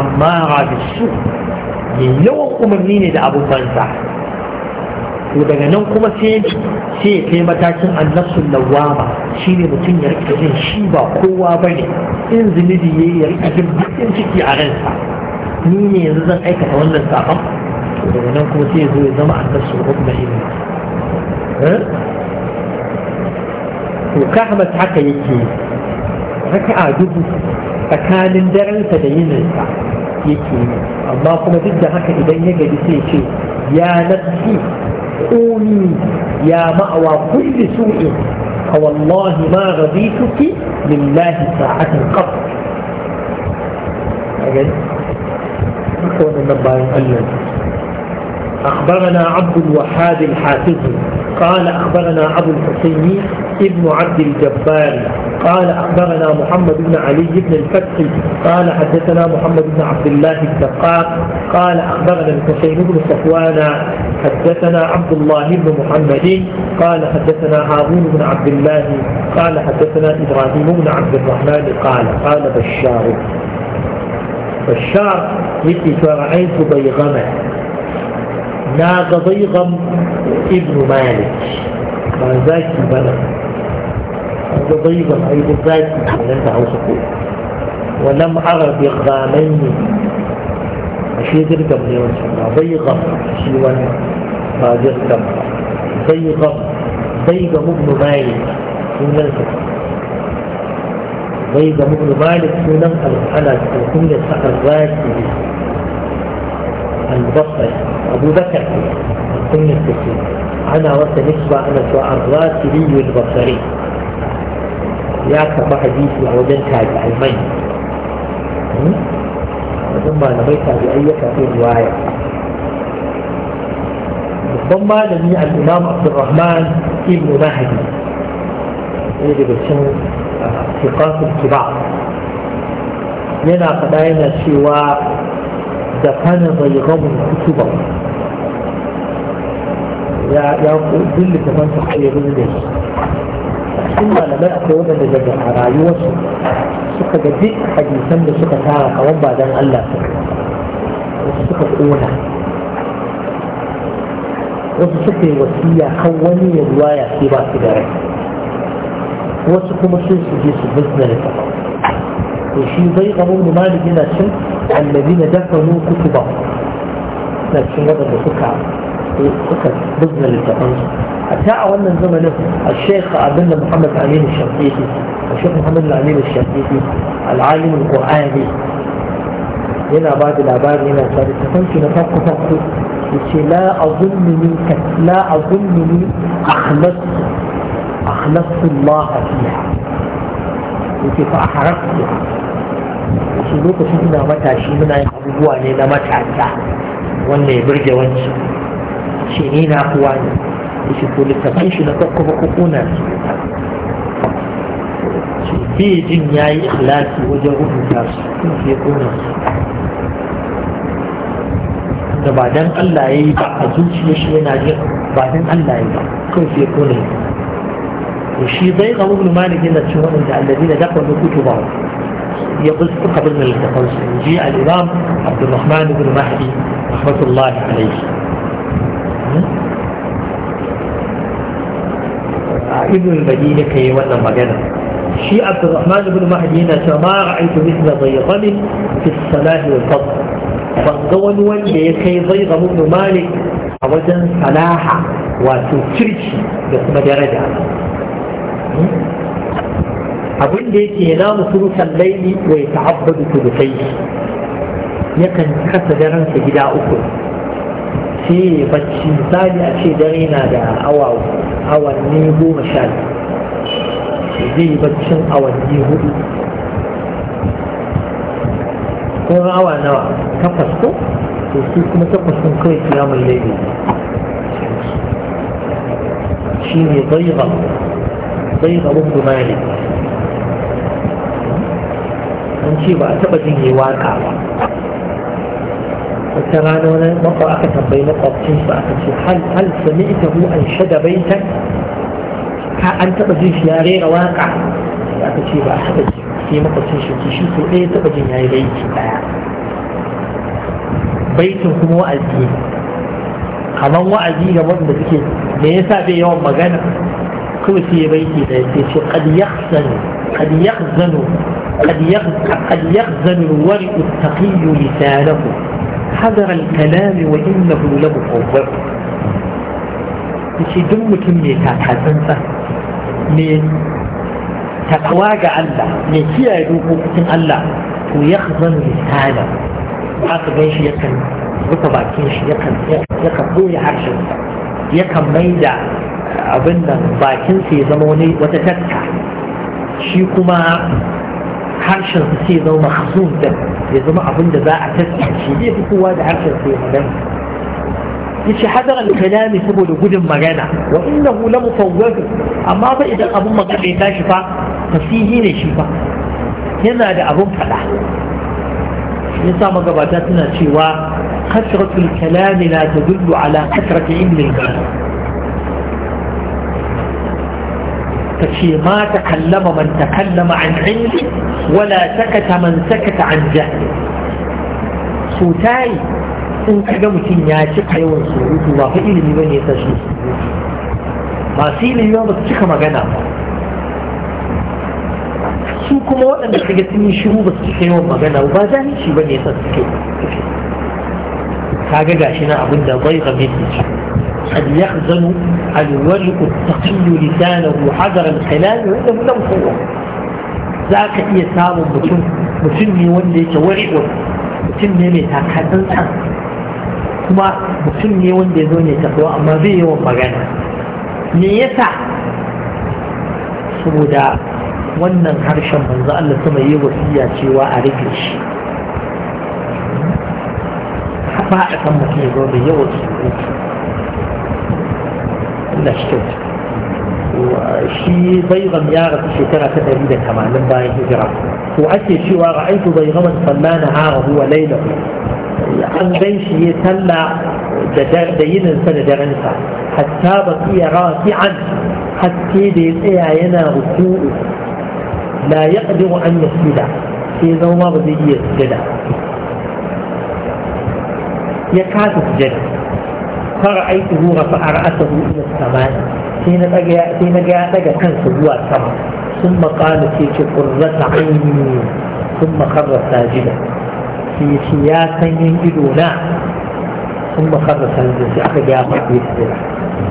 amma da su mai yawan umarni ne da abubuwan sa. to daga nan kuma sai ya kai matakin annabsun lawama shi ne mutum ya rika jin shi ba kowa ba ne in zunubi ya yi ya rika jin bakin ciki a ransa ni ne yanzu zan aikata wannan sabon to daga nan kuma sai ya zo ya zama annabsun hukuma eh? ilmi to kahmat haka yake a dubu tsakanin daransa da yininsa yake amma kuma duk da haka idan ya gaji sai ce ya nafsi ادعوني يا مأوى كل سوء فوالله ما غبيتك لله ساعة قط أخبرنا عبد الوهاب الحافظ قال أخبرنا أبو الحسين ابن عبد الجبار قال أخبرنا محمد بن علي بن الفتح قال حدثنا محمد بن عبد الله الدقاق قال أخبرنا الحسين بن صفوان حدثنا عبد الله بن محمد قال حدثنا هارون بن عبد الله قال حدثنا إبراهيم بن عبد الرحمن قال قال بشار بشار مثل فرعيت بيغمة ناغ ضيغم ابن مالك ما ذاك بلد ضيضا أي ذات لن تعوسكو ولم أرى بغامين أشي درقم لي وسلم ضيغم شيوان ما درقم ضيغم ضيغم ابن مالك سنن ضيغم ابن مالك سنن على كل سحر ذاتي البصري أبو بكر الكنية الكثير أنا وقت نسبة أنا سواء لي البصري ya karɓi hadisi a wajen tabi'ai mai hmm? wajen malamai tabi'ai ya karɓi riwaya babban malami al-imam abdurrahman ibn mahdi ne daga cikin fiqatul ah, kiba yana faɗa yana cewa da kana mai gamun kutuba ya ya dillita man ta kai da shi cikin malamai akwai waɗanda daga a rayuwarsu suka ga duk hadisan da suka tara kamar ba don Allah wasu suka ƙona wasu suka yi wasiya kan wani ya ruwa ya ce ba su da rai wasu kuma sun su je su bizna da to shi bai kamar da malik yana cin annabi na dakanu kutuba na cin waɗanda suka suka bizna littafansu أتاعوا أن زمنه الشيخ أبن محمد أمين الشرقيقي الشيخ محمد العليم الشرقيقي العالم القرآني هنا بعد العبار هنا ثالث نفاق فقط فقه لا أظنني لا أظنني أخلص أخلص الله فيها yake فأحرقت a harafta شكنا lokacin ina matashi muna yin abubuwa ne na وانا wanda ya birge wancan shi to littafan shi na kakkafa kukuna su bai jin ya yi ikhlasi wajen rubuta su sun fiye kuna su da ba dan Allah ya yi ba a zuciya shi yana jin ba dan Allah ya yi ba kan fiye kuna su shi zai ga wani malik yana cin waɗanda allazi na dafa wani kutu ba يقول قبل من التقوس جاء الإمام عبد الرحمن بن مهدي رحمة الله عليه ibn al-madini wannan magana shi abdurrahman ibn mahdi yana cewa ma ra'aytu mithla dayqamin fi salah wal fadl ban ga wani wanda ya kai dayqam ibn malik a wajen salaha wato kirki da kuma daraja abin da yake yana musulkan laili wa ya ta'abbadu kudusai yakan kasa daransa gida uku shi bacci misali a ce dare na da awanni goma sha zai yi baccin awanni hudu kuma awa nawa takwas ko to su kuma takwas sun kawai kiyamun laifi shi ne bayyaba bayyaba bin ne an ce ba a taba jin yi waka ba wata rana wani makwa aka tambayi makwabcin su aka hal hal sami ita hu an shada an taba jin ya rera waka aka ce ba a sai shi ɗaya ya yi baitin kuma wa'azi ne kamar wa'azi ga wanda suke me yasa bai yawan magana kuma sai ya baiti ɗaya sai ce kad yahzanu kad yahzanu قد حذر الكلام وإنه لمحور yace duk mutum mai takatsantsa mai takawa ga Allah mai kiyaye dokokin Allah to ya zan misala aka gan shi yakan rufe bakin shi yakan yakan boye harshen yakan mai da abin nan bakin sai ya zama wani wata tatka shi kuma harshen sa sai zama mahzun da ya zama abin da za a tattace zai fi kowa da harshen sai magana yace hadar al-kalami saboda gudun magana wa innahu la mufawwadu amma fa idan abun magana ya tashi fa fasihi ne shi fa yana da abun fada yasa magabata suna cewa kasratul kalami na tadullu ala kasrati ilmi al تشي ما تكلم من تكلم عن علم ولا سكت من سكت عن جهل سوتاي in ka ga mutum ya ci yawan surutu ba fa ilimi ba ne shi masu ilimi ba su cika magana ba su kuma waɗanda suka sun yi shiru ba su cika yawan magana ba shi ba ne sa suke ka ga gashi na abin da bai ga mai قد يخزن الولي التقي لسانه حذر الحلال وإنه لم قوة ذاك إيه سام متن متن وندي توشو متن مي تاكادن سان كما متن مي وندي زوني تقوى أما بي يوم مغانا ميسا سبودا wannan harshen manzo Allah sama yi wasiya cewa a rage shi ba a san mutum ya zo da yawan surutu نشتد وشي بيضا يارة شي كرا تتريدا كما لم باين هجرا وأتي شي ورأيت بيضا فلان عاره وليلة عن بيش يتلع دجار دينا سنة جرنسا حتى بطي راكعا حتى بيضا ينا ركوء لا يقدر أن يسجد في ذو مرضي يسجد يكاد يسجد فرأيته رفع رأسه إلى السماء حين لقى كنس سجوا السماء ثم قال في قرة عيني ثم خر ساجدا في سياسة يجدونا ثم خر ساجدا في أخي جاء في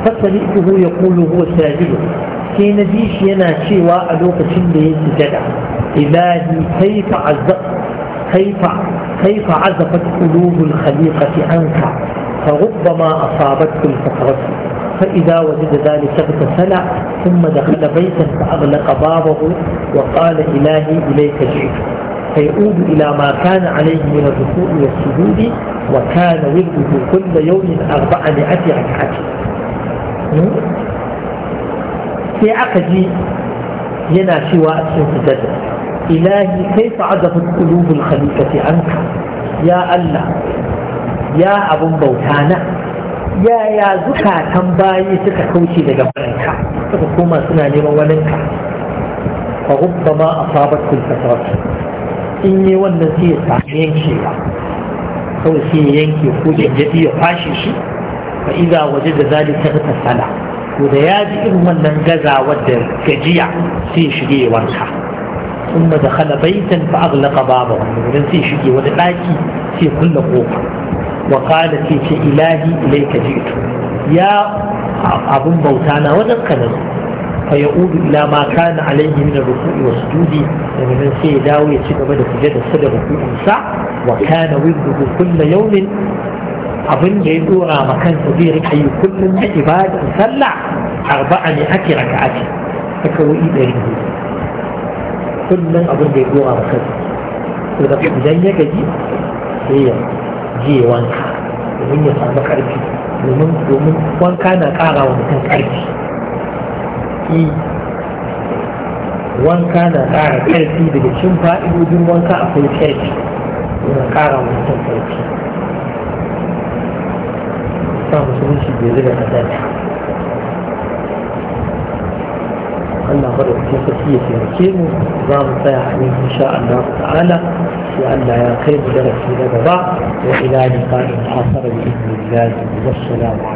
فسمعته يقول هو ساجد في نجيش ينا شيوا ألوك شنده سجدا إلهي كيف عزق كيف كيف عزفت قلوب الخليقة عنك فربما أصابتكم فترة فإذا وجد ذلك اغتسل ثم دخل بيتا فأغلق بابه وقال إلهي إليك جئت فيعود إلى ما كان عليه من الركوع والسجود وكان ورده كل يوم أربعمائة ركعة في عقدي ينا شواء سنتدد إلهي كيف عزفت قلوب الخليفة عنك يا الله ya abun bauta na yaya zukatan bayi suka kauce daga barinka suka koma suna neman waninka fa rubbama asabat kul fasrat in yi wannan sai ya samu yankewa kawai sai ya yanke ko jajjabi ya fashe shi fa iza waje da zalika ta sala ko da ya ji irin wannan gazawar da gajiya sai shige ya wanka ثم دخل بيتا فأغلق بابه ولن سيشكي ودلاكي سيكل قوة wa qala fi ce ilahi ilayka ji'tu ya abun bauta na wajen ka na fa ya'udu ila ma kana alayhi min ar-ruku'i wa sujudi daga nan sai ya dawo ya ci gaba da sujada sa da ruku'in sa wa kana wirdu kullu yawmin abin da ya dora ma kansa zai rika yi kullum na ibada sallah arba'a ne ake raka'ati rakawoyi ɗari kullum abin da ya dora ma kansa to da idan ya gaji sai ya je wanka domin ya samu karfi domin domin wanka na kara wa mutum karfi wanka na kara karfi daga cin fa'idojin wanka akwai karfi yana kara wa mutum karfi sa musulunci bai zuga kazanta عندنا ضرورة خصوصية في ركيم ضابطة إن شاء الله تعالى لأن خير درس لنا بعض وإلى لقاء آخر بإذن الله والسلام عليكم